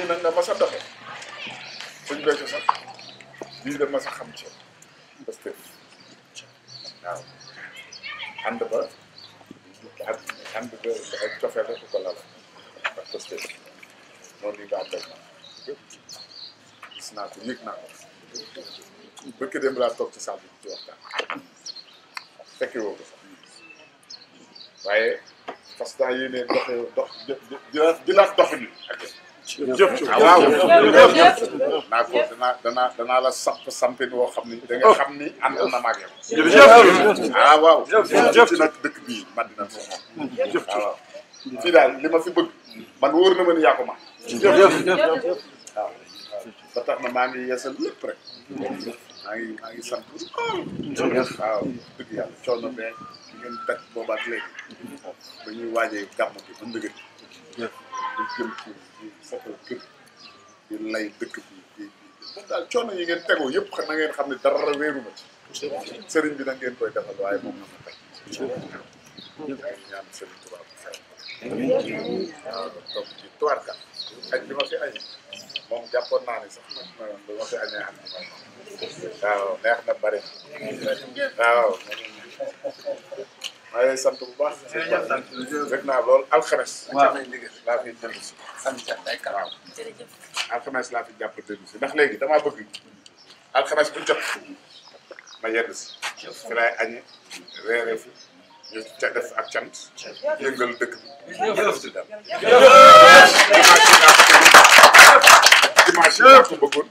nii nag nga mas lii de mas xam ci parce waaw ànd ba ànd ba cofee la ku ko lala ak noonu nga am rek gis naa ko yëg toog ci salle bi waaye parce que daa yéenee doxe dox di di dox bi ak jëf ah, waaw jëf naa ko danaa danaa danaa la samp sampin woo xam ni da nga oh. xam ni ànd na maag yow. jëf jëf nag ah, dëkk bii Madina ah, ma fi bëgg man wóor na ma ni ma. jëf jëf waaw ba tax na maa ngi yeesal lépp rek. maa ngi maa ngi sant. waaw dëgg yàlla coono bee ngeen daj boobaat léegi ba ñu jëm ci di setal kër di lay dëkk bi di di daal coono yi ngeen tegoo yëpp na ngeen xam ne dara wéeru ma ci. sëriñ bi na ngeen koy defal waaye moom na ma teg. ñaan sëriñ tubaab li ma fi añee moom jàppoon naa ne sax na moom waaw neex na bëri waaw. maa ngi lay sant bu baax. jërëjëf sant fekk naa lool alxames. waaw laa fi dellu si. sant waaw. alxames laa fi jàpp dellu si ndax léegi damaa bëgg alxames bu jot ma yedd si. fi laay añee reeree fi ñu ca def ak cant. yëngal dëkk bi. jërëjëf si dem. dimanche laa ko bëggoon.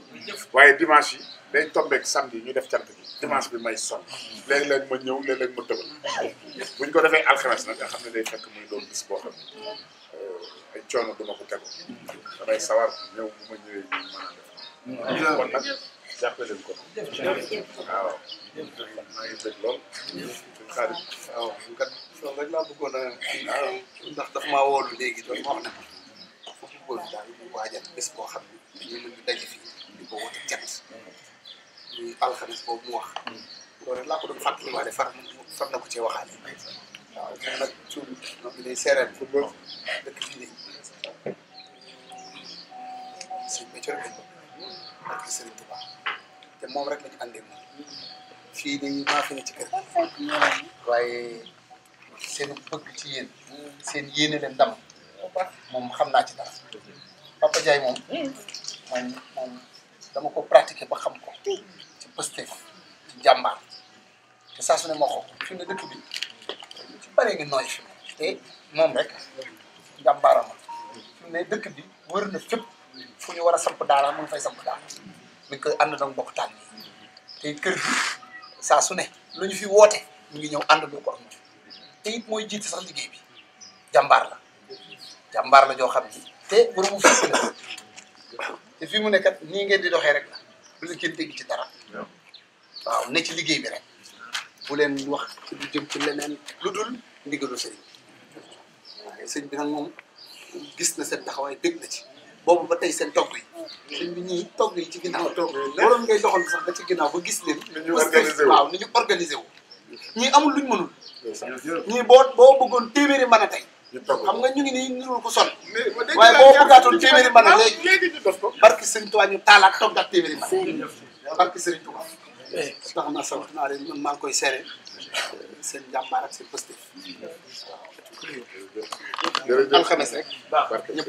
waaye dimanche yi day tombeek samedi ñu def cant bi dimanche bi may sol léeg-léeg ma ñëw léeg-léeg ma tëbal bu ko defee alxames nag nga xam ne day fekk muy doon bis boo xam euh, ay coono duma ko tegu damay sawar ñëw bu ma ñëwee ñu a def nag jàppe leen ko waaw maa ngi bëgg lool xaalis waaw kat loolu rek laa bëggoon a ndax daf woolu léegi doon ma wax ne foofu bëgg daal ñu waajal bés boo xam ne di ko woote cat. muy alxames boobu wax. loolu laa ko doon fàttaliwaale far far na ko cee waxaale. waaw moom nag suul moom ak Serigne Touba te moom rek lañu àndee moom. fii nii maa fi ci kër waaye seen bëgg ci yéen. seen yéene leen ndam. moom xam naa ci dara. Papa Ndiaye moom. moom moom. dama ko pratiquer ba xam ko ci pësteef ci jàmbaar te saa su moo ko fi ne dëkk bi ci bëree nooy te moom rek jàmbaaram fi mu ne dëkk bi wër na fépp fu ñu war a samp daara mu ngi fay samp daara mi ngi koy ànd nag mbokk tànn te kër gi su ne lu ñu fi woote ñu ngi ñëw ànd doo ko am te it mooy jiite sax liggéey bi jàmbaar la jàmbaar la joo xam te wër mu fekk la te fii mu ne kat nii ngeen di doxee rek la bu leen kenn dégg ci dara waaw ne ci liggéey bi rek bu leen wax ci lu jëm ci leneen lu dul ndigalu sëriñ bi sëñ bi nag moom gis na seen taxawaay dëgg na ci boobu ba tey seen togg yi sëñ bi ñuy togg yi ci ginnaaw togg waroon ngay doxal sax ba ci ginnaaw ba gis leen waaw ni ñu organisé wu ñii amul luñ mënul ñii boo boo bëggoon téeméeri mën a tey ñu togg xam nga ñu ngi nii nirul ko sonn. waaye boo bëggaatoon téeméeri mën a léegi léegi ñu def ko. barki Serigne Touba ñu taalaat toog ak téeméeri mën a. barki Serigne Touba. tax na sant naa leen man maa ngi koy seere eh, seen jàmbaar ak seen pëste. jërëjëf alxames rek. ñëpp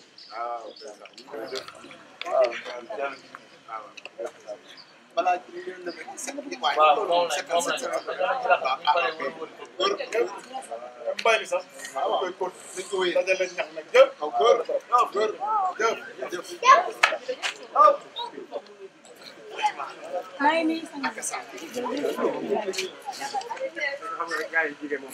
balaa ci ñu ne ci seen bi waaye waaw moom lañ moom lañ mbay mi sax waaw koy ko dañ ko wéyee dajale ñax nag jëf aw góor aw góor jëf jëf maa ngi nii sama xam nga gars yi jigéen moom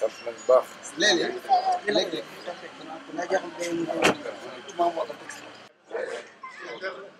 sant nañ bu baax. léeg-léeg léeg-léeg.